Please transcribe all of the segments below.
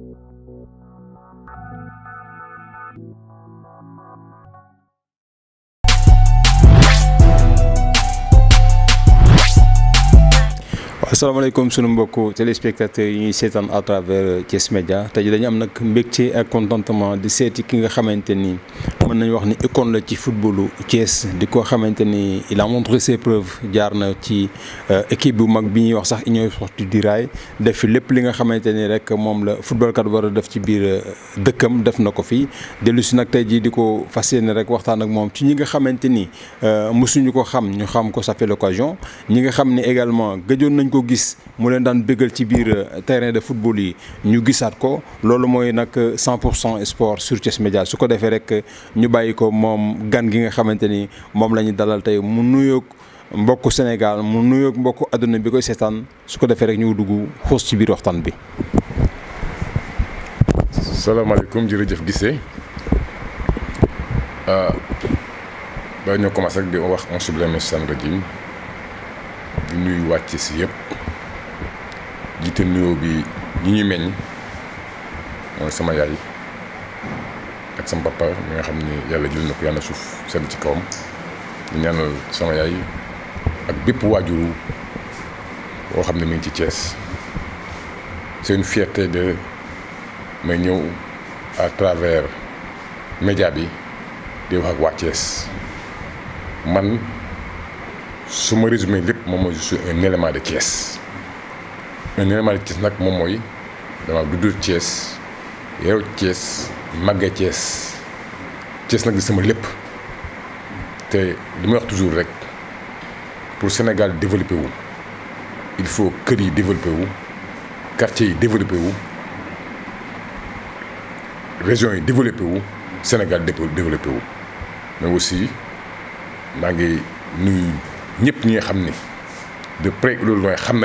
Thank you. asalaamaaleykum sunu mbokku téléspectateurs yi ñuy à travers Thiès Media tey dañu am nag mbégte ak contentement de séti ki nga xamante mën nañ wax ni icône la ci footballu Thiès diko ko il a montré ses preuves jaar na ci euh, équipe bu mag bi ñuy wax sax Union Sportive du Rail def fi lepp li nga xamante rek mom la football war a def ci biir euh, dëkkam def nako fi dellu si nag di diko fas rek waxtaan ak mom ci ñi nga xamante euh musuñu ko xam ñu xam ko ça fait l'occasion ñi nga xam ni également gëjoon nañ ko gis mu len dan bëggal ci biir euh, terrain de football yi ñu gisat ko lolu moy nak 100 sport sur Thiès médias. su ko defee rek euh, ñu bayiko mom gan gi nga xamanteni ni lañu dalal tay mu nuyo mbokk Sénégal mu nuyo mbokk aduna bi koy sétane su ko defee rek ñu duggu xuus ci biir waxtan bi. salaamaaleykum jërëjëf Guissé euh, ba ñoo commencé ak di wax on sublime san rajim di nuyu wàcc si yépp jiite nuyoo bi ñi ñu meñ mooy sama yaay ak sama papa mi nga xamni yalla jël nako yalla suuf sen ci kawam ñu ñaanal sama yaay ak bépp waajur wo xamni ne mi ci Thiès c'est une fierté de me ñeu à travers média bi di wax ak wa Thiès man suma résumé lépp moom je suis un élément de Thiès mais Nirmal Thiès nag moom mooy dama dudd Thiès yow Thiès màgge Thiès Thiès nag di sama lépp te li wax toujours rek pour Sénégal développé wu il faut kër yi développé wu quartier yi développé wu région yi développé wu Sénégal développé wu mais aussi maa ngi nuyu ñëpp ñi nga de près ou de loin xam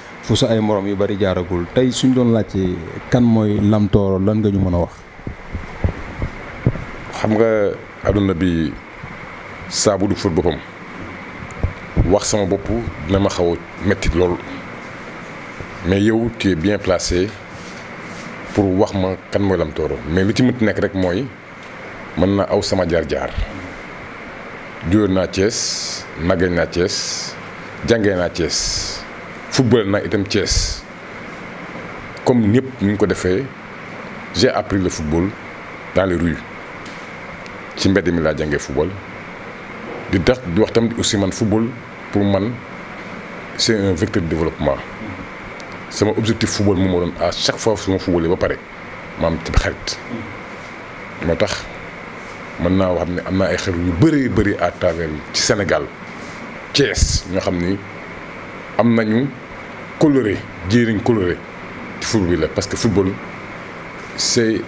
fu sa ay morom yu bari jaaragul tey suñ doon laajte kan mooy Lam lan nga ñu mën a wax. xam nga adduna bi saabu du fóot boppam wax sama bopp dina ma xaw a metti lool mais yow tu es bien placé pour wax ma kan mooy Lam Tooro mais li ci mënti nekk rek mooy mën na aw sama jaar-jaar. juyoo naa Thiès màggee naa Thiès jànge naa Thiès. football na itam Thiès comme ñep ñu ko défé j'ai appris le football dans les rues ci mbedd mi la jangé football di tax di wax tamit aussi man football pour man c'est un vecteur de développement sama objectif football mo moo à chaque fois su ma footballee ba paré ma ci xarit moo tax mën naa wax ni amna ay xarit yu bëree bëri à travers ci Sénégal Thiès ñu xamni am nañu coloré jëriñ coloré le football parce que football c'est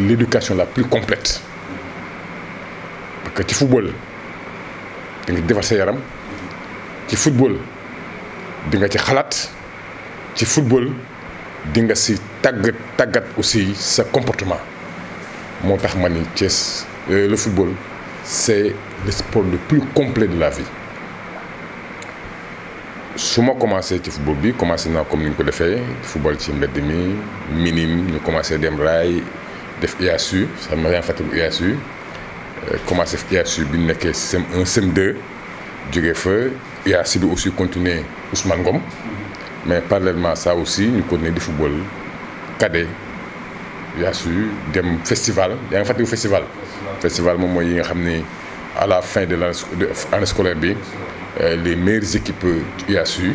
l'éducation la plus complète parce que le football tu nga defar yaram ci football tu nga ci xalaat football tu nga aussi ce comportement Mon tax ma euh, le football c'est le sport le plus complet de la vie suma commencé ci football bi commencé na comme ni ko le football ci le mi minime commencé dem ray def IASU a rien IASU commencé IASU bi sem 1 sem 2 jógee le IASU bi aussi continuer Ousmane Ngom mm-hmm. mais parallèlement ça aussi nous connaissons le football cadet IASU dem festival ya festival. festival mom moy yi nga à la fin de l'année scolaire bi. Euh, les meilleures équipes UASU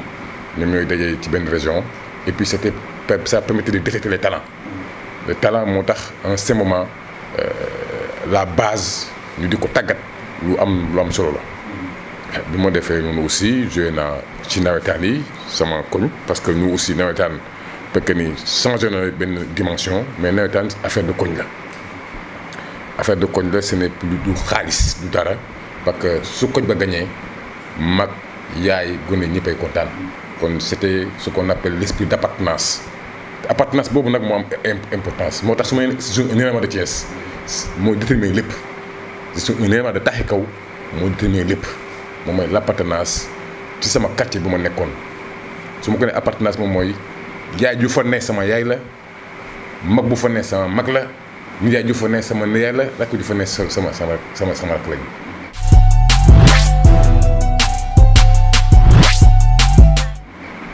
de la région et puis c'était ça permettait de détecter les talents le talent montent en ce moment euh, la base nous disons, Tagat nous am lu Nous solo aussi je ci nawetaan nous sama parce que nous aussi nous fekk dimension mais affaire de koñ de ce n'est plus du xaalis du parce que ce nous ba gagné, mag yaay gune ñëppay kontaan kon c'était ce qu'on appelle l'esprit d'appartenance appartenance boobu nag moo am importance moo tax su ma nee un élément de Thiès moo déterminer lépp c'est un élément de taxi kaw moo déterminer lépp moom mooy l'appartenance ci sama quartier bu ma nekkoon su ma ko nee appartenance moom mooy yaay ju fa ne sama yaay la mag bu fa ne sama mag la nijaay ju fa ne sama nijaay la rakk ju fa ne sama sama sama sama rakk lañu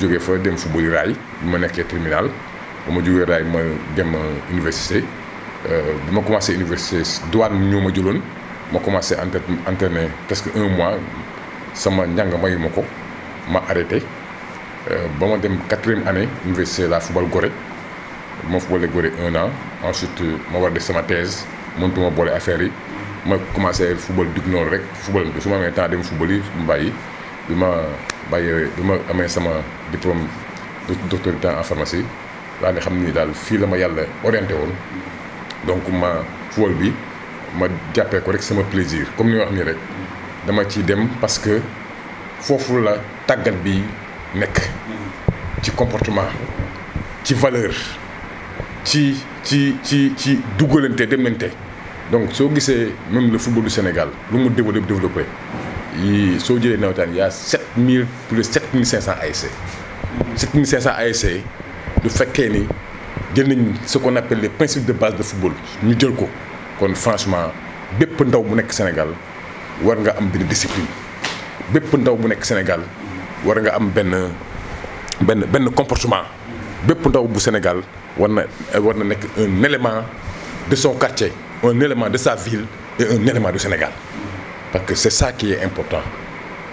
jóge fa dem football raay bi ma nekkee terminal ba ma jógee raay ma dem université euh, bi ma commencé université douane ñoo ma jëloon ma commencé entraîner presque un mois sama njàng mayu ma ko ma arrêté euh, ba ma dem quatrième année université la football gore ma footballé gore un an ensuite ma war def sama thèse mënutuma boole affaire yi ma commencé football dug noonu rek football su ma amee temps dem football yi mu bàyyi bi ma ba yooyu bi ma sama diplôme de docteur en pharmacie laa ne xam ni daal fii la ma yàlla orienté won donc ma fool bi ma jàppee ko rek sama plaisir comme ni wax ni rek dama ci dem parce que fofu la tàggat bi nek ci comportement ci valeur ci ci ci ci duggalante demlante donc so gissé même le football du Sénégal lu mu développé développé yi soo jëlee nawetaan yaa set 7000 plus 7500 ASC. 7500 ASC le fait qu'il y ait ce qu'on appelle les principes de base de football nous jël franchement si ndaw bu au Sénégal war nga une discipline si ndaw bu au Sénégal war nga un comportement. Si vous comportement au Sénégal vous avez un élément de son quartier un élément de sa ville et un élément du Sénégal parce que c'est ça qui est important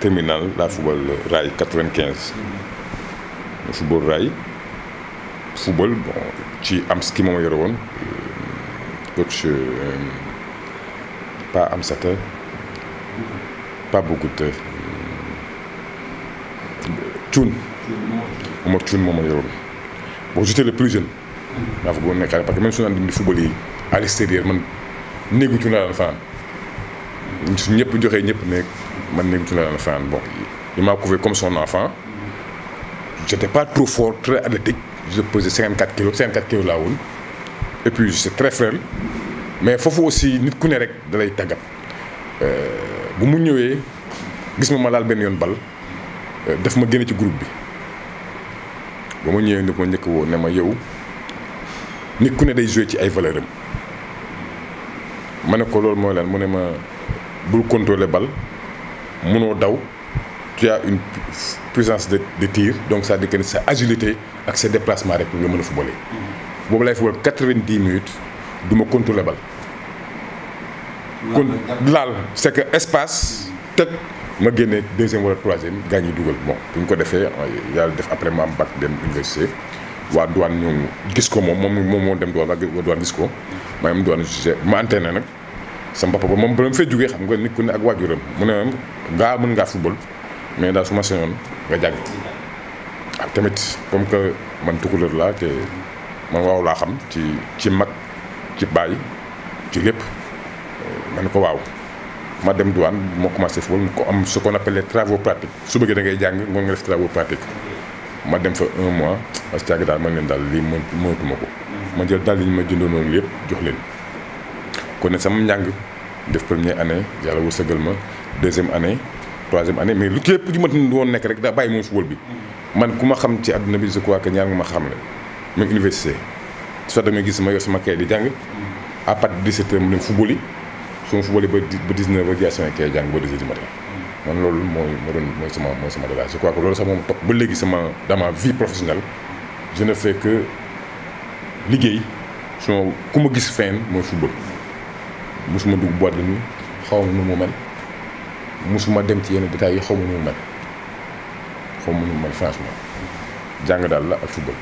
terminal la football euh, rail 95 football rail football bon j'ai am mon moom a yore woon euh, coach euh, pas Amsata pas beaucoup de Omar moi moom a yore woon bon j'étais le plus jeune la football n'est pas parce que même si on a di football à l'extérieur man néegu Thioune laa je n'ai suñ de joxee ñëpp enfant bon, il m'a couvé comme son enfant. J'étais pas trop fort, très athlétique. Je pesais 54 kg, 54 kg là woon. Et puis, c'est très frêle. Mais il faut aussi, nit ku ne rek da lay tàggat. Euh, bu mu ñëwee gis ma ma laal benn yoon euh, daf ma ci groupe bi ba ma ñëwee nit ma njëkk woo ne ma yow nit ku ne day joué ci ay valeur am ma ko loolu mooy lan mu ma bul contrôler mon daw tu as une puissance de de tir donc ça veut dire que sa agilité avec ses déplacements rek nga mën a footballé. Mm-hmm. boobu laay football 90 minutes duma me contrôler la kon Là, c'est que espace mm-hmm. teg ma guéné deuxième wala troisième gagner dougal bon buñ ko défé euh, yàlla def après ma bac dem université wa douane ñu gis ko mom moom moom dem douane waa douane gis ko mm-hmm. maa douane ma nak sa papa ba moom ba mu fee jógee xam nga nit ku ne ak waajuram mu ne gaa mën ngaa football mais daal su ma sañoon nga jàng tamit comme que man tukulër laa te man waaw laa xam ci ci mag ci baay ci lépp ma ne ko waaw ma dem douane moo commencé football mu ko am su ko appelle les travaux su bëggee da jàng moo nga def travaux pratiques ma dem fa un mois parce que daal man leen daal lii mënatuma ko ma jël daal li ñu ma jëndoon yëpp jox leen ku sama ñang def première année yàlla wërsëgal ma deuxième année troisième année mais lu képp li ma woon nek rek da bay mo football bi man kuma xam ci aduna bi je crois que ñaar ma xam la même université soit da gis ma yor sama kay di jang à partir de 17 heures mu dem football yi su football ba 19 heures jaay sama kay jàng ba 2 heures du matin man loolu mooy ma doon mooy sama mooy sama dalaay je crois que loolu sax moom topp ba légui sama dans ma vie professionnelle je ne fais que liggéey suma kuma gis fenn mooy football musuma dugg boîte de nuit xaw ma nu mu mel musuma dem ci yenn détails yi xaw ma nu mu mel xaw ma nu franchement jàng daal la ak football.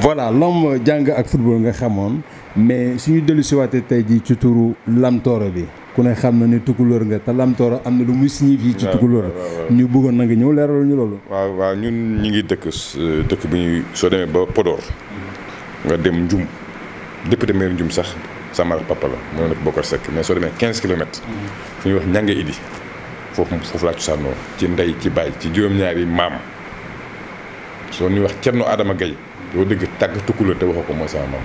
voilà l'homme jàng ak football nga xamoon mais su ñu dellu siwaatee tey jii ci turu Lam bi. ku ne xam na ni tukulóor nga te am na lu muy signifie ci tukulóor ñu bëggoon na ñëw leeral ñu loolu waaw waaw ñun ñi ngi dëkk euh, dëkk bi ñuy soo demee ba Podor nga dem Njum député maire Njum sax sama papa la moo nekk Bokar Seck mais soo demee 15 kilomètres mm. fu ñuy wax ñànge idi foofu foofu laa cosaanoo ci ndey ci baay ci juróom-ñaari maam soo ñuy wax Cerno Adama Gaye doo dëgg tàgg tukulóor te waxoo ko mooy sama maam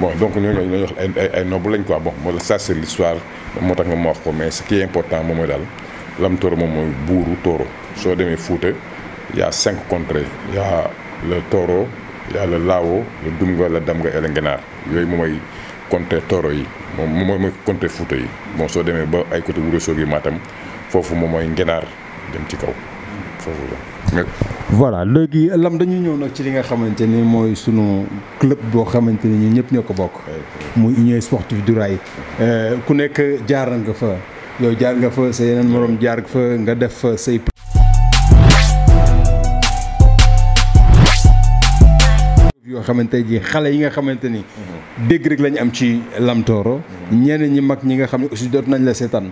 bon donc ñooñu la ñuy wax ay ay noble lañ quoi bon mooy ça c'est l'histoire moo tax nga ma wax ko mais ce qui est important moom mooy daal Lam Tooro moom mooy buuru Tooro soo demee Fuuta y cinq contrées y a le Tooro y a le Laawo le Dumga le Damga et le Ngenaar yooyu moom mooy contrée Tooro yi moom moom mooy contrée Fuuta yi bon soo demee ba ay côté Wuro Sogi Matam foofu moom mooy Ngenaar dem ci kaw. voilà léegi lam dañuy ñëw nag ci li nga xamante ni mooy sunu club boo xamante ni ñun ñëpp ñoo ko bokk. muy union sportive du Rail. Euh, ku nekk jaar nga fa yow jaar nga fa sa yeneen morom jaar fa nga def say. xamante ji xale yi nga xamante ni rek la am ci Lamtoro ñeneen ñi mag ñi nga xamni aussi doot nañ la seetaan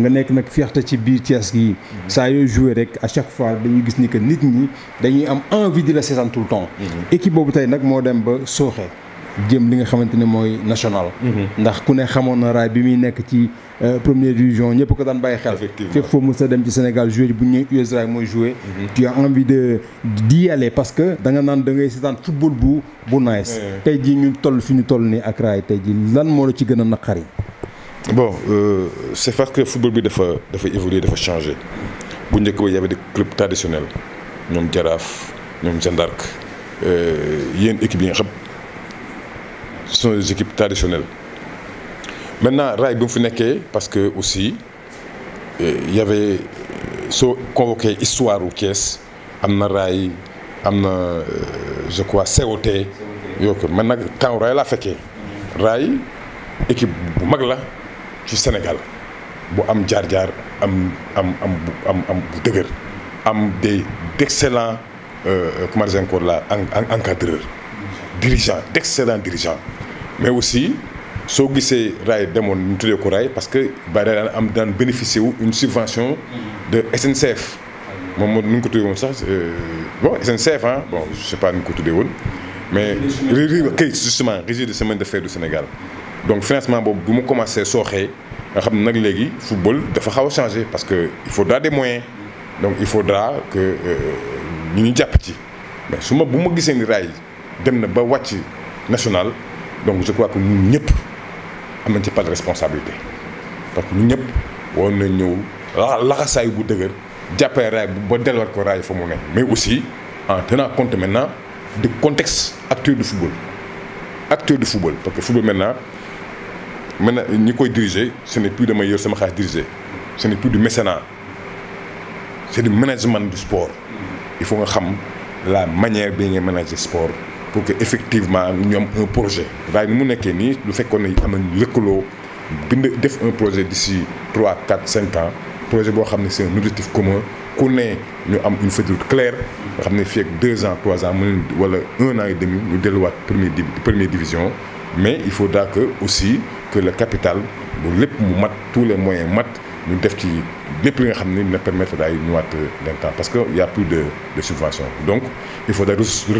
nga nek nak fierté ci biir Thiès gi ça yoo jouer rek à chaque fois dañuy gis ni que nit ñi dañuy am envie de la seetaan tout le temps mhm. équipe bobu tay nak mo dem ba soxé jëm li nga xamante moy national. Mhm. ndax ku ne xamoon raay bi mi nek ci euh, première division ñëpp ko daan baye xel. effectivement fépp foo mës dem ci Sénégal joué bu ñu nee moy jouer mhm. tu as envie de d'y aller parce que da nga naan da ngay seetaan football bu bu nice. tay ji ñu toll fi ñu toll ni ak raay tay ji lan mo la ci gëna nakari bon euh, c'est parce que football bi dafa dafa évoluer dafa changer bu njëkk ba y avait des clubs traditionnels ñoom Jaraaf ñoom Jeanne d'Arc euh, yenn équipe yi nga ce sont des équipes traditionnelles. Maintenant, Rai Bumfuneke, parce que aussi, il euh, y avait, convoqué euh, convoqué Histoire ou Kies, Amna Rai, Amna, euh, je crois, COT. Maintenant, quand Rai l'a fait, Rai, équipe Magla, du Sénégal, bu am jarjar, am am am am am am des d'excellents comment dire encore là encadreurs dirigeants d'excellents dirigeants mais aussi soo gisee raay demoon ñu tuddee ko raay parce que bari daan am daan bénéficier une subvention de SNCF moom nous nu ñu ko sax euh, bon SNCF hein bon je sais pas nous ñu ko tuddee woon mais kay justement régie de semaine de fête du Sénégal donc financement bon bu commencer commencé sooxee nga xam football dafa xaw a parce que il faudra des moyens donc il faudra que euh, ñu ñu ci mais su ma bu ma ni raay ba national donc je crois que nous n'avons pas de responsabilité parce que nous ñëpp war mais aussi en tenant compte maintenant du contexte actuel du football Actuel du football parce que le football maintenant maintenant diriger ce n'est plus de yor sama xaalis diriger ce n'est plus du mécénat c'est du management du sport il faut savoir la manière de manager le sport pour que effectivement nous ayons un projet. Nous avons fait qu'on ait un un projet d'ici 3, 4, 5 ans. Le projet c'est un objectif commun. Qu'on ait nous avons une feuille de route claire. Nous avons fait 2 ans, 3 ans, ou un an et demi, nous déloyons la première, division. Mais il faudra aussi que le capital, tous les moyens, nous devons qui ne permettre d'aller euh, temps parce qu'il y a plus de subventions donc il faut des ressources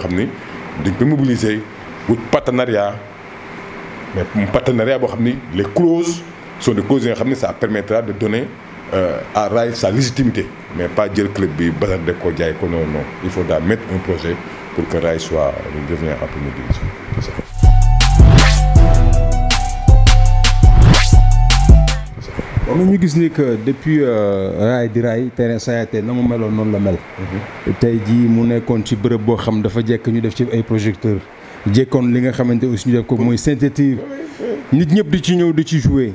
ramener mobiliser un partenariat mais partenariat les clauses sont des clauses ça permettra de donner euh, à Rai sa légitimité mais pas dire club bi ko non non il faudra mettre un projet pour que RAI soit devenir un peu mobilisé mais ñu gis ni que depuis euh, raay di raay terrain Sayaté na mu meloon noonu la mel. Mhm. tey jii mu nekkoon ci bërëb boo xam dafa jekk ñu def ci ay projecteurs jekkoon li nga xamante aussi ñu def ko mooy synthétique nit ñëpp di ci ñëw di ci jouer.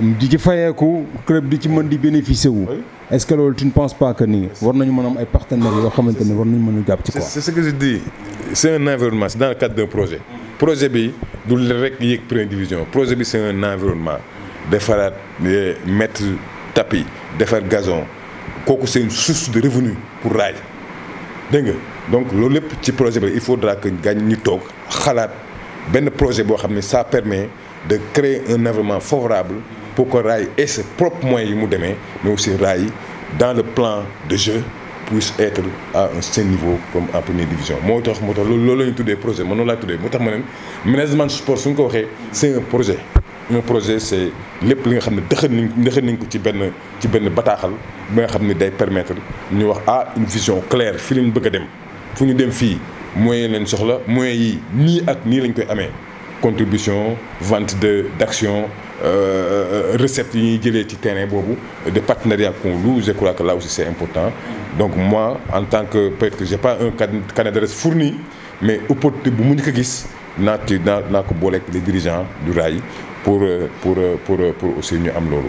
Mhm. di ci fayeeku club di ci mën di bénéficier wu. est-ce que loolu tu ne penses pas que nii war nañu mën a am ay partenaires yoo xamante ne war nañu mën a jàpp ci quoi. c'est ce que je dis c'est un environnement dans le cadre d'un projet. Mm. projet bi du rek yéeg première division projet bi c'est un environnement de faire eh, mettre tapis de faire gazon c'est une source de revenus pour Rai donc le petit projet il faudra que nous gagnions un projet boo ça permet de créer un environnement favorable pour que Rai ait ses propres moyens mais aussi Rai dans le plan de jeu puisse être à un certain niveau comme en première division c'est tax moo je projet man noonu laa sport c'est un projet un projet c'est lépp li nga xamné ne dëxën nañ dëxën ko ci ben ci ben bataxal bi nga xam day permettre ñu wax a ah, une vision claire fi lañ bëgg dem fu ñu dem fi moyens leen soxla moyens yi ni ak ni lañ koy amé contribution vente de d'action euh, euh, recette yi ñuy jëlé ci terrain bobu de partenariat qu'on loue je crois que là aussi c'est important donc moi en tant que peut-être que j'ai pas un can d'adresse fourni mais opportunité bu mu ñu ko gis na na ko les dirigeants du rail pour euh, pour euh, pour euh, pour aussi ñu am loolu.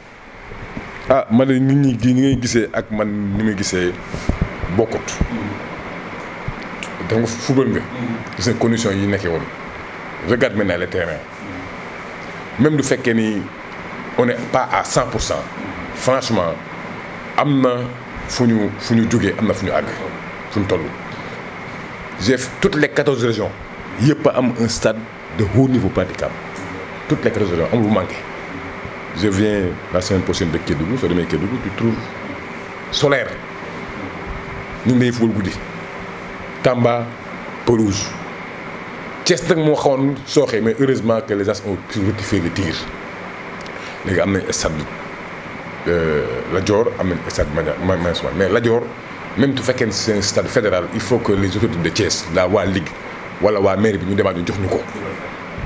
ah man ne nit ñi gi ni ngay gisee ak man ni nga gisee bokkut da nga football nga gis condition yi nekkee woon regarde maintenant le terrain même du fekkee ni on est pas à 100%. pour cent franchement am na fu ñu fu ñu jógee am na fu ñu àgg fu ñu toll j'ai toutes les 14 régions yépp a am un stade de haut niveau praticable toutes les régions on vous manqué je viens la semaine prochaine de Kédougou sur demee Kédougou tu trouves solaire Nous avons lay fubal Tamba pelouse Thiès nag moo je mais heureusement que les As ont pu les le tir gars, am nañ stade euh, La Dior mais la Dior même tu c'est un stade fédéral il faut que les autres de Thiès la waa ligue la Wa mairie nous ñu dire ñu jox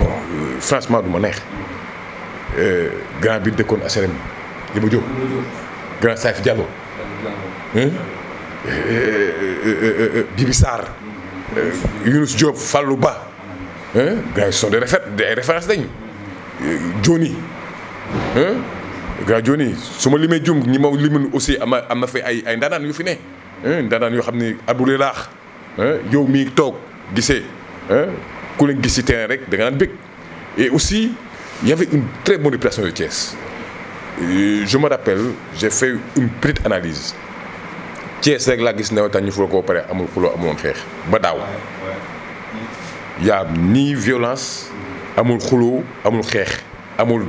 bon euh, franchement du ma euh, grand bi de con grand Saif Diallo hein? euh, euh, Bibi Sarr Yunus Diop Fallou Ba hein? gars sont des références Johnny hein? Johnny Si je limee ni aussi am ma ay fi ni ku leen terrain rek da nga naan et aussi il y avait une très bonne réputation de Thiès euh, je me rappelle j'ai fait une petite analyse Thiès rek la gis nawetaan ñu fula koo pare amul xuloo amuloon xeex ba daaw y a ni violence amul à amul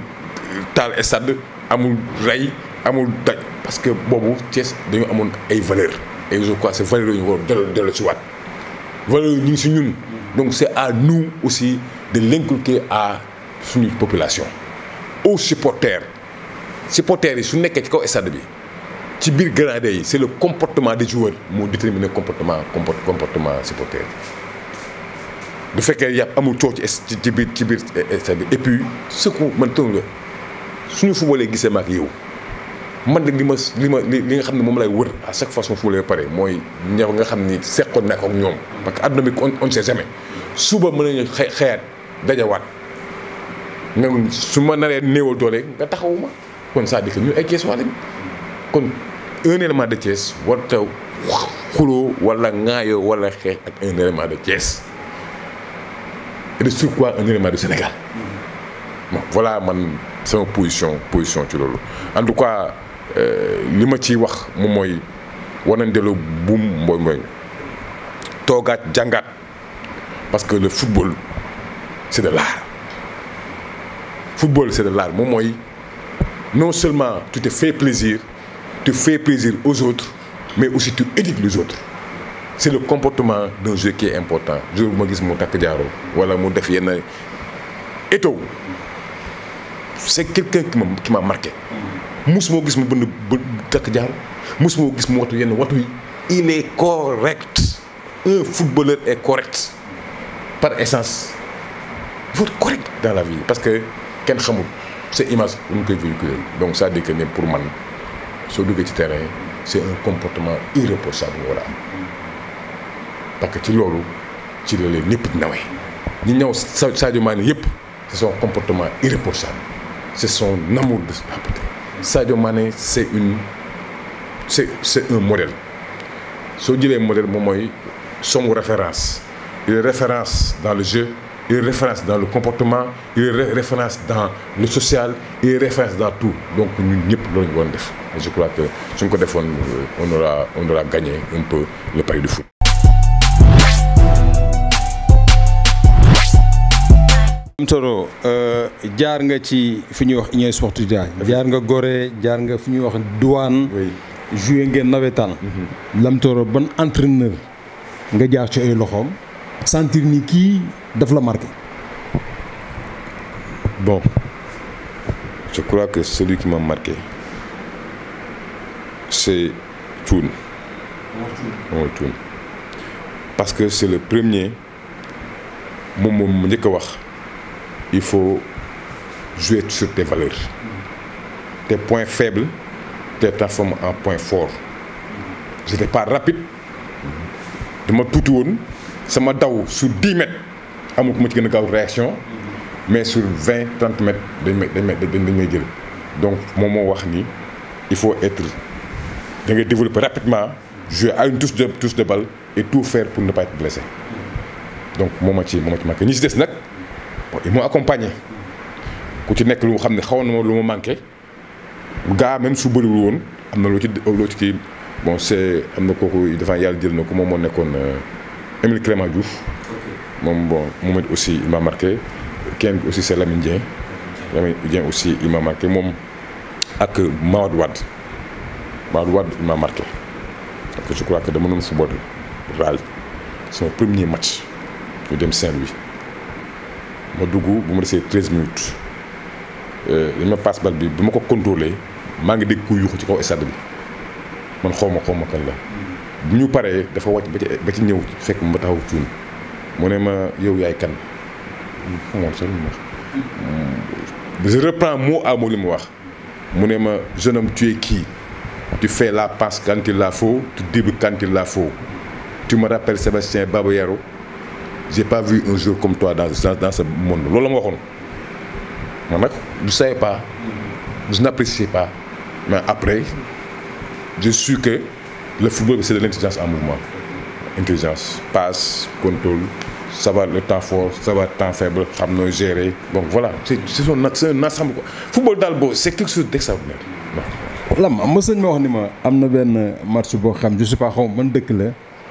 tal amul à mon amul rey amul daj parce que Bobo Thiès dañu amoon ay valeurs et je crois ces valeurs yooyu ñu war dellu dellu ci waat valeurs ñu ci ñun donc c'est à nous aussi de l'inculquer à la population aux supporters supporters yi stade le comportement des joueurs qui détermine comportement comportement des Le fait qu'il y amul coow ci de biir ci Tibir eh, eh, et puis ce que man tënk la suñu les gisee maak man de li ma li ma li nga xam ne moom lay wër à chaque fois su ma fulee pare mooy ñëw nga xam ni seqoon naa ko ak ñoom. parce que àdduna bi on on sait jamais suba mën nañu xëy xëyaat dajawaat nga su ma naree néewal doole nga taxawuma kon c'est-à-dire que ñu ay kees wax lañ kon un élément de Thiès war taw xuloo wala ŋaayoo wala xeex ak un élément de Thiès et de surcroît un élément du Sénégal bon voilà man sama position position ci loolu en tout cas. Euh, le ma c'est wax parce que le football c'est de l'art football c'est de l'art non seulement tu te fais plaisir tu fais plaisir aux autres mais aussi tu éduques les autres c'est le comportement d'un jeu qui est important Je ma gis wala mo def c'est quelqu'un qui m'a marqué gis mu jaar yenn watu il est correct un footballeur est correct par essence il faut être correct dans la vie parce que ken xamul sa image nous koy véhiculer donc ça dit que pour man sur le ci terrain c'est un comportement irréprochable voilà parce que ci tu ci le leen ñëpp nawee ñew tu Sadio Mané c'est son comportement irréprochable c'est son amour de Sadio Mane c'est une c'est c'est un modèle soo jëlee modèle moi sont référence il est référence dans le jeu il est référence dans le comportement il est référence dans le social il est référence dans tout donc ñun ñëpp loolu ñu woon je crois que si ko defoon on aura on aura gagné un peu le pari du foot am solo euh, jaar nga ci fi ñuy wax Union Sportive jaar nga goré jaar nga fi wax Douane. Mm. oui joué ngeen mhm. lam toro ban entraîneur nga jaar ci ay loxom sentir ni ki daf la marqué. bon je crois que celui qui m'a marqué c'est Thioune. Oh, Thioune. parce que c'est le premier moom moom mu njëkk wax il faut jouer sur tes valeurs. Tes points faibles, tes transformes en points forts. Je n'étais pas rapide. Je me tout ça m'a daw sur 10 mètres, à mon de réaction, mais sur 20, 30 mètres, de mètres, Donc, moment il faut être, développer rapidement, jouer à une touche de, touche de balle et tout faire pour ne pas être blessé. Donc, moment, moment, moment bon ils m'ont accompagné ku ci nekk lu xam ne xawoon na ma lu ma manqué gaa même su bëriwul woon am na ci bon c'est am na kooku dafa yàlla jël na ko moom moo nekkoon Clément euh, Diouf moom bon moom aussi il m'a marqué kenn aussi c'est Lamine Dieng Lamine Dieng aussi il m'a marqué moom ak Mawadou Wad Mawadou Wad il m'a marqué parce que je crois que dama doon football raay sama premier match ñu dem Saint-Louis ma me bu 13 minutes Je euh, ma passe le bi bu ko contrôlé maa ngi dégg Je ci kaw stade bi man dafa ba ci ñew ma taxaw mo hmm, hmm, je reprends mot à mot wax jeune homme tu es qui tu fais la passe quand il la faut tu débutes quand il la faut tu me rappelles Sébastien Babayaro j'ai pas vu un joueur comme toi dans, dans, ce monde Je ne que je sais pas je n'apprécie pas mais après je su que le football c'est de l'intelligence en mouvement intelligence passe contrôle savoir le temps fort savoir le temps faible savoir gérer donc voilà c'est un ensemble Le football d'Albo, c'est quelque chose d'extraordinaire Je ne match sais pas comment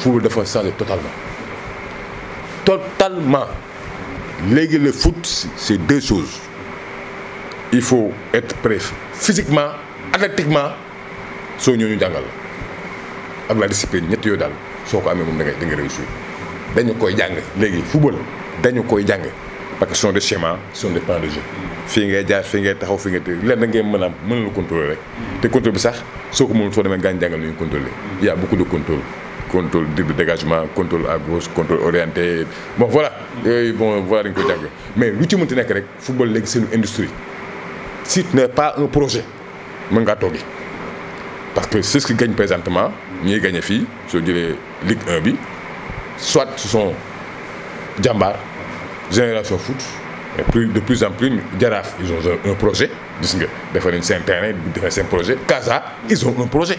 football défendre ça totalement totalement le foot c'est deux choses il faut être prêt physiquement athlétiquement sur une ñu faut la discipline être prêt. Il faut être prêt. Il ngay koy football koy parce que sont des schémas sont des plans de jeu être ngay jaar fi ngay taxaw a contrôler rek contrôle bi sax il y a beaucoup de contrôle contrôle de dégagement contrôle à gauche contrôle orienté bon voilà ils bon voir une peu mais lu ci c'est que le football c'est industrie si tu n'est pas un projet mën ngaa parce que c'est ce qui gagne présentement ñuy gagne fille, je dirais Ligue 1 soit ce sont Jambar, génération foot Et de plus en plus Garaf, ils ont un projet Ils ont un projet Casa ils ont un projet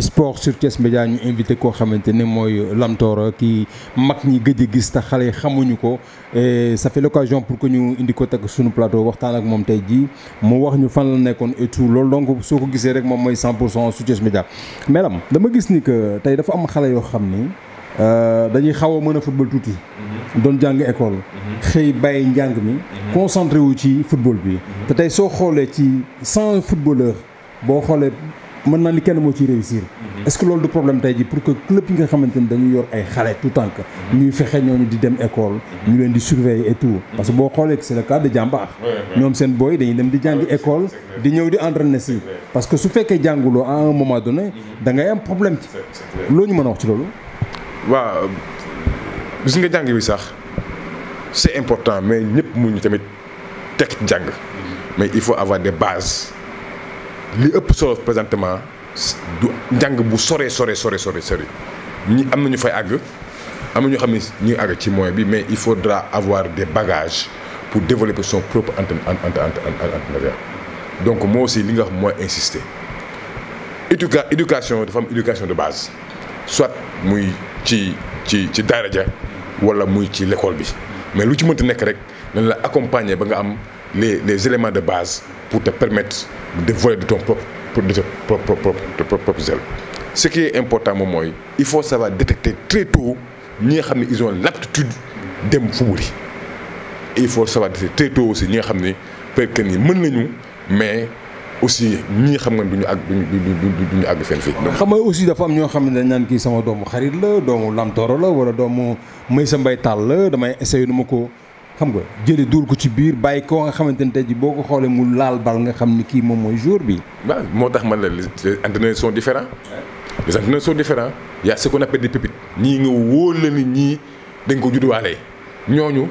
sport sur Thiès Média nous invité ko xamantene ne Lamtoro qui mag ñi gis et ça fait l'occasion pour que nous indi ko suñu plateau waxtaan ak mom tay ji mu wax ñu fan la et tout donc rek 100 pour sur Thiès Média dama gis ni que dafa am euh, football mm-hmm. jàng école. Mm-hmm. xey mm-hmm. concentré wu ci football bi. te so xolé ci 100 footballeurs Maintenant, quel li réussir mhm. est-ce que loolu problème c'est pour que club de nga York yor temps que mhm. ñuy faisons école mhm. nous surveiller et tout parce que c'est le cas de Djambar Nous sommes boy dañuy dem di jàngi école di ñëw di entraîner parce que su à un moment donné il y problème a un problème. c'est important mais mais il faut avoir des bases les qui présentement du njàng sorry sore sore sore sore ñi mais il faudra avoir des bagages pour développer son propre donc moi aussi je vais insister éducation éducation de base soit muy ci ci ci l'école mais lu ci est nekk rek accompagner les, éléments de base pour te permettre de voler de ton propre, de zèle. Ce qui est important, moi, il faut savoir détecter très tôt, ils ont l'aptitude de il faut savoir détecter très tôt aussi, peut-être qu'ils mais aussi ñii duñu duñu duñu aussi dafa am ñoo xamné dañ sama doomu xarit la doomu la wala doomu la essayer xam nga jële duul ko ci biir bàyyi koo nga xamante ne tey ji boo ko xoolee mu laal bal nga xam ni kii moom mooy jour bi moo tax man la les entraîneurs sont différents les entraîneurs sont différents y a ce qu'on appelle des pépites ñii nga wóor la ni ñii dañ ko judduwaale ñooñu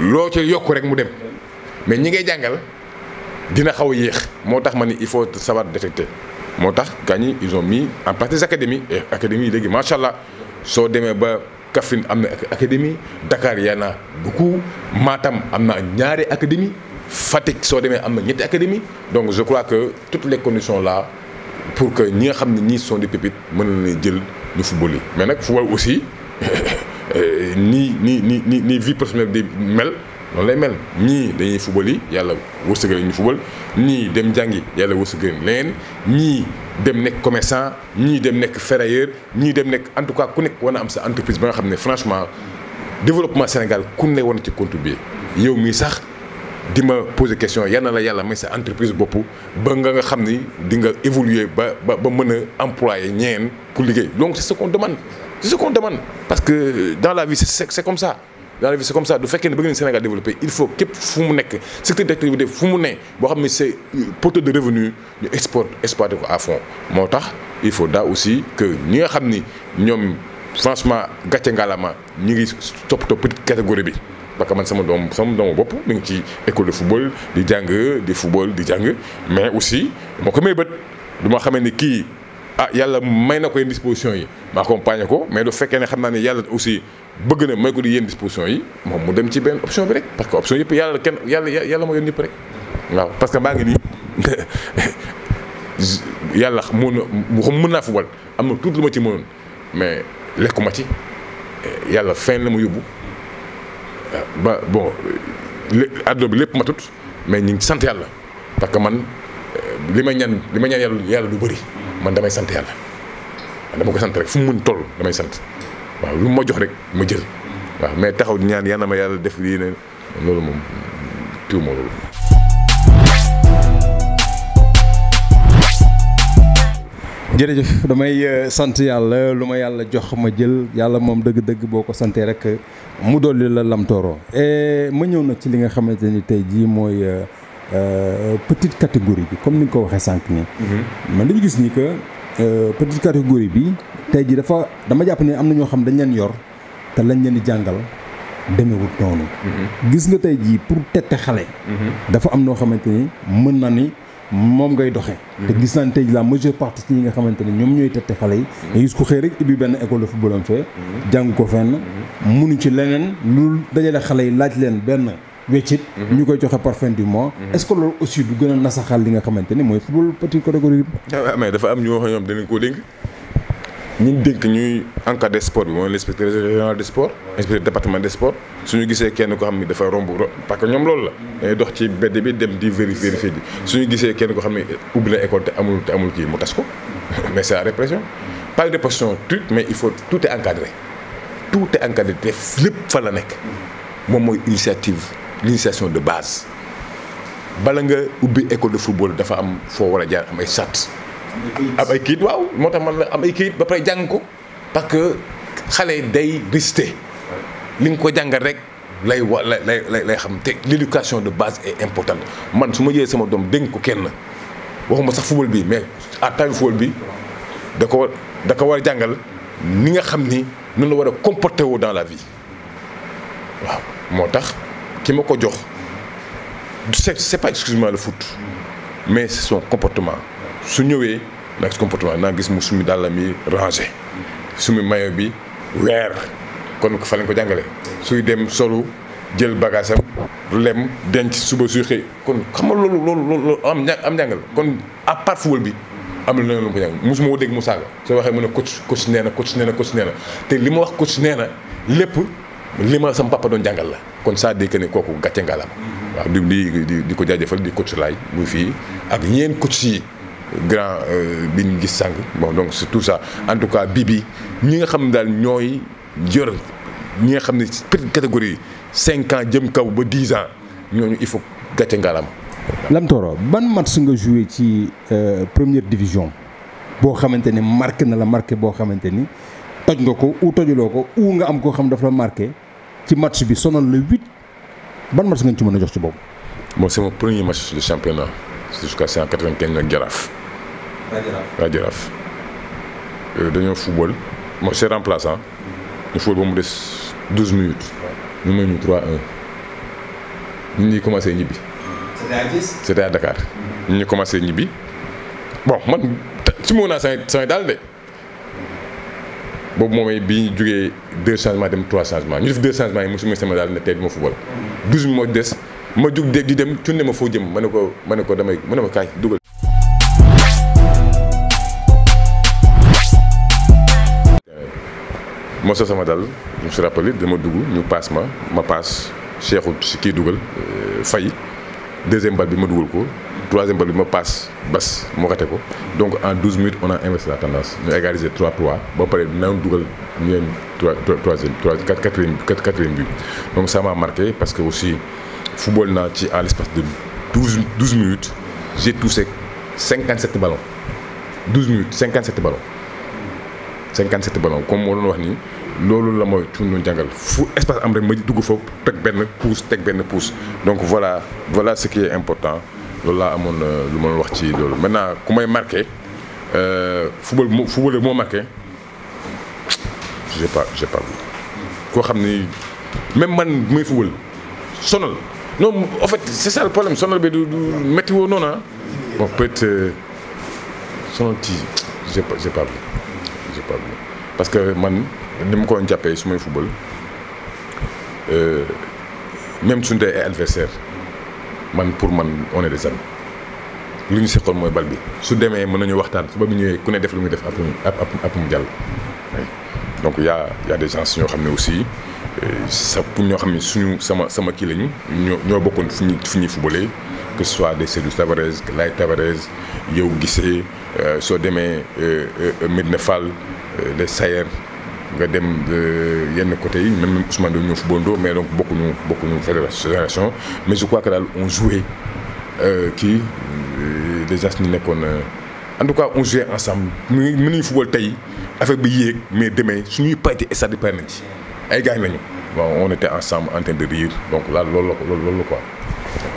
loo ci yokk rek mu dem mais ñi ngay jàngal dina xaw a yéex moo tax ma ni il faut savoir détecter moo tax gars ñi ils ont mis en place des académies et académies yi léegi macha allah soo demee ba Kaffrine am académie Dakar yana beaucoup Matam amna ñaari académie Fatik so démé amna académie donc je crois que toutes les conditions là pour que ñi xamni ñi son sont des pépites mën na jël football mais nak football aussi euh, ni ni ni ni ni vie personnelle di mel non lay mel ni dañuy football yi yàlla wërsëgal ñu football ni dem jangi yalla wërsëgal len ni dem nek commerçant ni dem nek ferrailleur ñii dem nek en tout cas ku nek war am sa entreprise ba nga franchement développement Sénégal ku ne won na ci contribuer yow mi sax dima poser question il y la yalla mais sa entreprise qui ba nga nga xam di nga évoluer ba ba ba employer ñeen donc c'est ce qu'on demande c'est ce qu'on demande parce que dans la vie c'est comme ça daal c'est comme ça du fekkee ne bëgg Sénégal développé il faut que fu mu secteur d'activité fu mu ne boo c'est porteur de revenus, ñu export exploité ko à fond moo il faut daa aussi que ni nga ni franchement gàcce galama, ni top top petite catégorie bi parce que man sama sommes sama doomu bopp mi ci école de football di jàng di football di jàng mais aussi moo ko may bët du ma xamee ni kii ah yàlla may na ko disposition yi m'accompagne accompagné ko mais du fait ne xam naa ne yàlla aussi bëgg na may ko di yenn dispositions yi moom mu dem ci benn option bi rek parce que option yëpp yàlla kenn yàlla yàlla moo yoon ñëpp rek waaw parce que maa ngi nii yàlla mun na xam mën naa fi am na tuut lu ma ci mënoon mais lekkuma ci yàlla fin la ma yóbbu ba bon àdduna bi lépp matut mais ñu ngi sant yàlla parce que man li ma ñaan li may ñaan yàlla yàlla du bëri man damay sant yàlla dama ko sant rek fu mu mën toll damay sant waaw lu ma jox rek ma jël waaw mais taxaw di ñaan yàlla ma yàlla def lii ne loolu moom tiwuma loolu. damay euh, sant yàlla lu ma yàlla jox ma jël yàlla moom dëgg-dëgg boo ko santee rek mu dolli la lamtooro et ma ñëw na ci li nga xamante ni tey jii mooy euh, euh, petite catégorie bi comme ni nga ko waxee sànq nii. Mm-hmm. man dañu gis ni que petite catégorie bi. tey jii dafa dama jàpp ne am na ñoo xam dañ leen yor te lañ leen di jàngal demewut noonu. Mhm. gis nga tey jii pour tette xale. Mhm. dafa am noo xamante ni mën na ni moom ngay doxe te mhm. gis naa ne tey jii la majeure partie ci ñi nga xamante ni ñoom ñooy tette xale yi. nga gis ko xëy rek ubbi benn école de football am fee. jàng ko fenn. munu ci leneen lu dajale xale yi laaj leen benn. weccit ñu koy joxe par fin du mois. est ce que loolu aussi du gën a li nga xamante ni mooy football petit catégorie. Ah, dafa am ñoo xam ne dañu ko ñu dénk ñuy encadré sport bi mooy l'inspecteur régional de sport inspecteur département de sport suñu gisee kenn ko xam ni dafa romb parce que ñoom loolu la dañuy dox ci bedd bi dem di vérifier vérifier di suñu gisee kenn ko xam ne ubbi na école te amul te amul kii mu tas ko mais c'est la répression pas une pression, truc mais il faut tout est encadré tout est encadré te lépp fa la nekk moom mooy initiative l'initiation de base bala nga ubbi école de football dafa am foo war a jaar am ay sat am ay kayit waaw moo tax man la am ay kayit ba pare jàng ko parce que xale day resté li nga ko jàngal rek lay wa lay lay lay xam te l'éducation de base est importante man su ma jëlee sama doom dénk ko kenn waxuma sax football bi mais à travers football bi da ko da ko war a jàngal ni nga xam ni noonu la war a comporter wu dans la vie waaw moo tax ki ma ko jox c'est c'est pas excuse moi le foot mais c'est son comportement su ñëwee nag si comportement naa gis mu sumi dàllam mi rangé sumi mayo bi weer kon fa lañ ko jàngale suy dem solu jël bagage am lem denc suba suy xëy kon xam nga loolu loolu loolu am njàng am njàngal kon à part football bi am na lu mu ko jàng mosuma ko dégg mu saaga soo waxee mu ne coach coach nee na coach nee na coach nee na te li ma wax coach nee na lépp li ma sama papa doon jàngal la kon ça dit que ne kooku gàcce ngalam waaw di di ko jaajëfal di coach laay muy fii ak ñeen coach yi grand euh, bi ñu gis sànq bon donc c'est tout ça en tout cas bibi ñi nga xam dal ñoy jor ñi nga xam ne petite catégorie 5 ans jëm kaw ba 10 ans ñooñu il faut gàcce ngalam toro ban match nga joué ci euh, première division bo xamante marqué na la marqué bo xamante ni toj nga ko ou tojuloo ko ou nga am ko xam dafa la marqué ci match bi sonal la 8 ban match nga ci mëna jox ci bobu bon c'est mon premier match de championnat c'est jusqu'à 195 ak Jaraaf. waa Jaraaf euh, dañoo football moo c'est remplaçant ñu football ba mu des 12 minutes ñu may ñu 3-1 ñibbi. c'était à 10 ñu ñu commencé ñibbi bon man su ma naa samay samay daal de boobu moomay bi ñu jógee deux changements dem trois changements ñu def deux changements yi mosuma sama daal ne tey du football. 12 mm-hmm. minutes moo des ma jug di dem tunne ma foo jëm ma ne ko ma ne ko damay ma ne ma kaay dugal. mos sama dal je me suis rappelé dama dugg ñu passe ma ma paas Cheikhou si kii dugal euh, Faye deuxième balle bi ma ko troisième balle bi ma passe, Bas mu rate ko donc en 12 minutes on a inversé la tendance ñu égalisé 3-3 ba après, dinañ dugal ñu leen trois troisième trois quatrième but donc ça m'a marqué parce que aussi football n'a ci à l'espace de 12 12 minutes j'ai touché 57 ballons 12 minutes 57 ballons. 57 ballons comme on doon wax loolu la mooy tunu jàngal fu espace am rek ma dugg fa teg benn pouce teg benn pouce donc voilà voilà ce qui est important loolu laa amoon euh, lu ma wax ci loolu maintenant ku may marqué euh, football football, footballeur moo marqué j'ai pas j'ai pas vu koo xam ni même man muy football sonal non en fait c'est ça le problème sonal bi du du métti non ah bon peut-être euh, sonal ci j'ai pas j'ai pas vu j'ai pas vu parce que man ni ma ko woon jàppee su may football euh, même suñu dee adversaire man pour man on est des amis lu ñu moy mooy bal bi su démé mën nañu waxtaan su ba mu ñëwee ku ne def lu muy def ap ap mu jàll donc y a y a des gens ñoo xamné aussi euh, sa pour ñoo xamné suñu sama sama ki lañu ñoo bokkon bokkoon fu footballé que ce soit des Sédou Tavares Laye Tavares yow gisee euh, soo demee Medina Fall les Sayers, nga dem euh, yenn côté yi même Ousmane doon ñëw football mais donc bokkuñu bokkuñu fédération mais je crois que dal on jouait qui euh, euh, les déjà suñu nekkoon en tout cas on jouait ensemble mën football tay avec bi yéeg mais demain suñuy parti stade bi pare ci ay gars nañu. bon on était ensemble en train de rire donc là loolu la ko loolu quoi.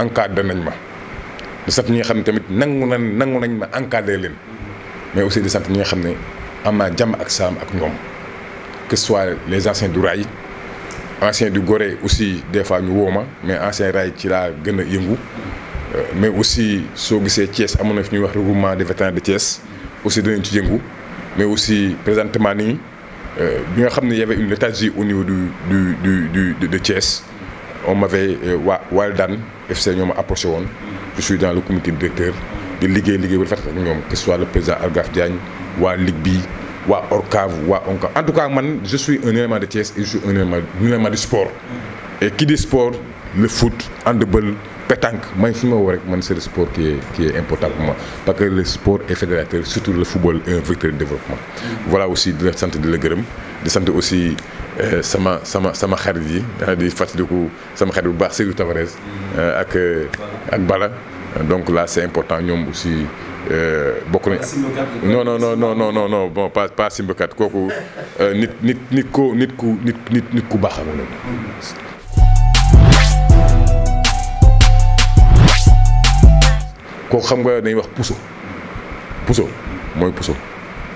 encadré nañ ma di sat ñi nga tamit nangu nañ nangu nañ ma encadré leen mais aussi di sat ñi nga xam ne am naa ak sam ak ñoom que soit les anciens du rail anciens du goré aussi des fois ñu woo mais ancien rail ci la gën yëngu euh, mais aussi so gisee Thiès amoon na fi ñuy wax regroupement des vétérans de Thiès aussi dinañ ci yëngu mais aussi présentement ni euh, bi nga xam y avait une léthargie au niveau du du du du de Thiès on m'avait euh, Wildan FC ñom approché je suis dans le comité directeur de ligue. ligue bu ñom que ce soit le président Algaf Diagne wa Ligue bi wa Orcave wa Onca en tout cas je suis un élément de Thiès et je suis un élément un du sport et qui dit sport le foot handball pétanque Moi, je rek man c'est le sport qui est qui important pour moi parce que le sport est fédérateur surtout le football est un vecteur de développement voilà aussi de la santé de la de aussi euh, sama sama sama xarit yi ah, di sama m'a Tavares euh, euh, ak Bala donc là c'est important aussi euh non non non non non non bon pas pas Simbakat koku nit nit nit ko nit ku nit nit nit ku xam nga wax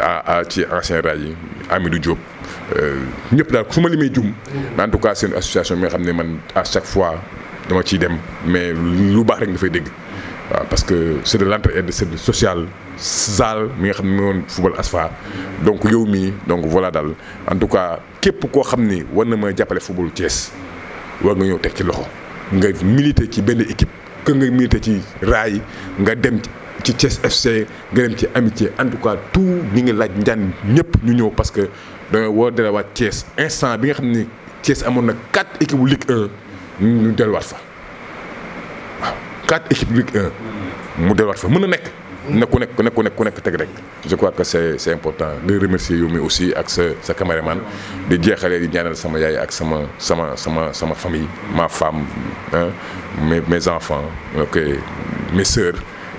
a euh, ci ancien raay yi Amidou Diop euh, ñëpp daal su ma limee jum en tout cas seen association bi nga xam man à chaque fois dama ciy dem mais lu baax rek nga fay parce que c'est de l'entraide c'est de social zaal mi nga xam ne football asfa donc yow donc voilà Dal. en tout cas képp koo xam ni war na ma le football Thiès war nga ñëw de ci loxo nga militer ci benn équipe que nga militer ci raay nga dem ci Thiès FC gërëm ci amitié en tout cas tout ñu ngi laaj njaan ñëpp ñu ñëw parce que dañoo war a delluwaat Thiès instant bi nga xamni Thiès amoon na quatre équipes Ligue 1 ñu wat fa 4 équipe Ligue 1 mu wat fa mëna nek nek na ku nek ku nekk ku nekk ku rek je crois que c'est c'est important de remercier yow mi aussi ak sa sa caméraman di jeexalee di ñaanal sama yaay ak sama sama sama sama famille ma femme hein mes mes enfants ok mes sœurs.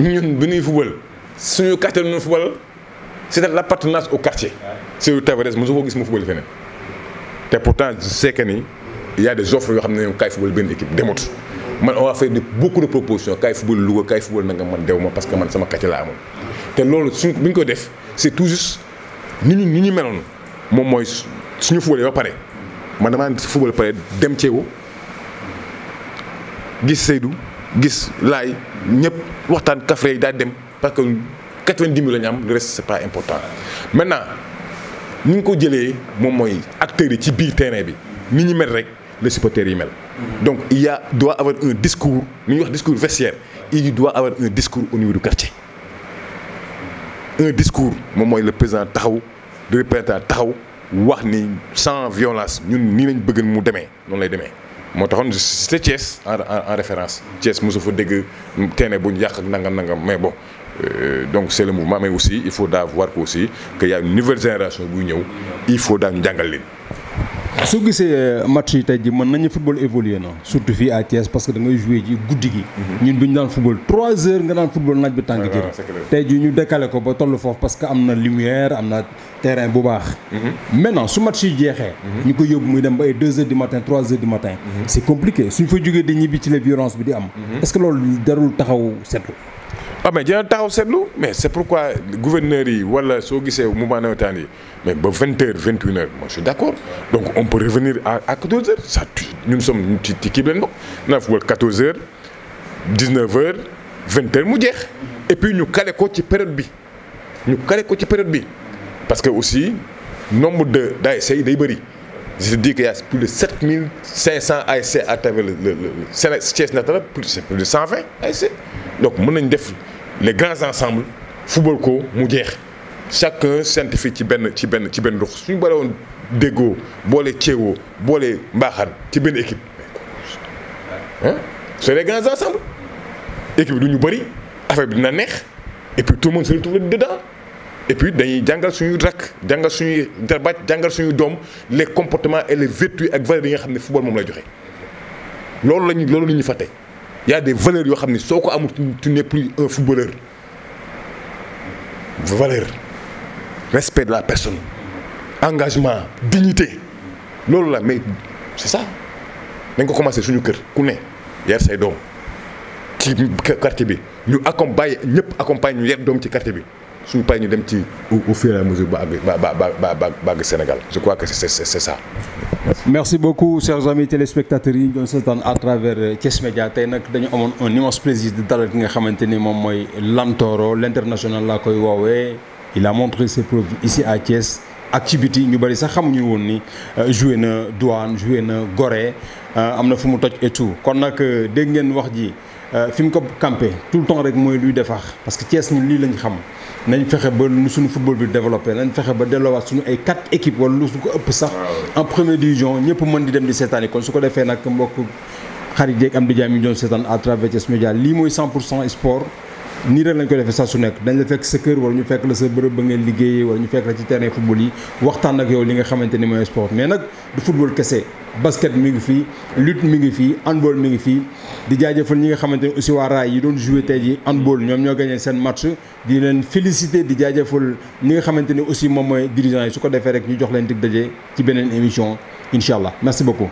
ñun bu football suñu quartier ñu football c'est la appartenance au quartier. C'est Tavares mosu ko gis mu football feneen. té pourtant je sais que ni y a des offres yo xamné ne ñoom football benn équipe demut man on a fait de beaucoup de propositions kay football Louga kay football nga man dew parce que man sama quartier la amoon. té lolu suñu bu ko def c'est tout juste ni ni ni ñu meloon moom mooy suñu football ba paré man dama football paré dem ci ceebu gis Seydou gis lay ñep waxtan Kaffrine da dem parce que 90 000 la le reste c'est pas important maintenant ni ko jëlé mom moy acteur ci biir terrain bi ni ñu mel rek les supporter yi mel. Mm-hmm. donc il y a doit avoir un discours ni wax discours vestiaire il doit avoir un discours au niveau du quartier. un discours mom moy le président taxaw le représentant taxaw wax ni sans violence ñun ni lañ bëggal mu démé non lay démé moo taxoon c'était Thiès en référence Thiès mosu fa Téné teene bu ñu yàq nangam-nangam mais bon euh, donc c'est le mouvement mais aussi il faut daa voir que aussi qu'il y a une nouvelle génération buy ñëw il faut d'un ñu jàngal leen. soo euh, match yi tey ji nañu football évolue non? surtout fii à Thiès parce que da ngay joué ji guddi gi. Mhm. ñun bi ñu football 3 heures nga le football naaj bi tàng ah, jër. tey ji ñu décalé ko ba tollu foofu parce que am lumière am terrain bu mhm. maintenant su match yi jeexee. Mhm. ñu du matin 3 heures du matin. Mhm. C'est compliqué Si fa jógee violences, ci la est ce que loolu darul taxaw setlu ah mais dina taxaw mais c'est pourquoi gouverneur yi wala soo gisee mais ba 20 heures h moi je suis d'accord. donc on peut revenir à 14h. Nous sommes ci ci kii 14h, 19h, 20h, et puis nous calé ko période bi ñu calé période parce que aussi le nombre de d'ASC day je dis qu'il y' a plus de 7500 ASC à travers le le le plus de 120 ASC donc les grands ensembles football ko mu chacun scientifique ci ben ci ben ci ben dox suñu bari des bolé des bolé équipe hein? c'est les grands ensembles L'équipe de ñu affaire bi et puis tout le monde se retrouve dedans et puis dañuy jàngal suñu rak jàngal suñuy jarbaat jàngal suñu doom les comportements et les vertus ak valeurs yi nga xam ne football moom lay joxe loolu lañu loolu la ñuy fàtte y a des valeurs yoo xam ne soo ko amul tu n'es plus un footballeur valeur respect de la personne engagement dignité loolu la mais c'est ça dañ ko commencé suñu kër ku ne yar say doom ci quartier bi ñu accompagner ñëpp accompagne ñu yar doom ci quartier bi suñu pay ñu dem ci au fur et à mesure ba àgg ba ba ba Sénégal je crois que c'est c'est ça. merci beaucoup chers amis téléspectateurs Dans ñu doon à travers euh, Thiès Média tey nag dañu amoon un immense plaisir de dalal ki nga xamante ni moom mooy Lamtoro l'international laa koy woowee il a montré ses produits ici à Thiès. ak ci biti ñu bari sax xamuñu woon ni euh, joué na douane jouer na Gorée euh, am na fu mu toj et tout kon nag dégg ngeen wax ji. Euh, fi ko campé tout le temps rek moy luy defar parce que Thiès ñun li lañ xam nañ fexé ba nu suñu football bi développer nañ fexé ba delloowaat suñu ay quatre équipes wala lu su ko upp sax en première division ñepp mën di dem di seetaan yi kon su ko défé nak mbokk xarit yeeg am di jaam yi doon à travers Thiès media li moy 100 sport nii rien que les defee saa su nekk dañ la fekk sa kër wala ñu fekk la sa bërëb ba ngeen liggéeyee wala ñu fekk la ci terrain football yi waxtaan ak yow li nga xamante ni sport mais nag du football kese basket mi ngi lutte mi ngi handball mi ngi fii di jaajëfal ñi nga xamante aussi waa raay yi doon joué tey handball Nous ñoo gagné seen match di leen féliciter di jaajëfal ñi nga xamante aussi maman dirigeant yi su ko defee rek ñu jox leen dig daje ci beneen émission inshallah merci beaucoup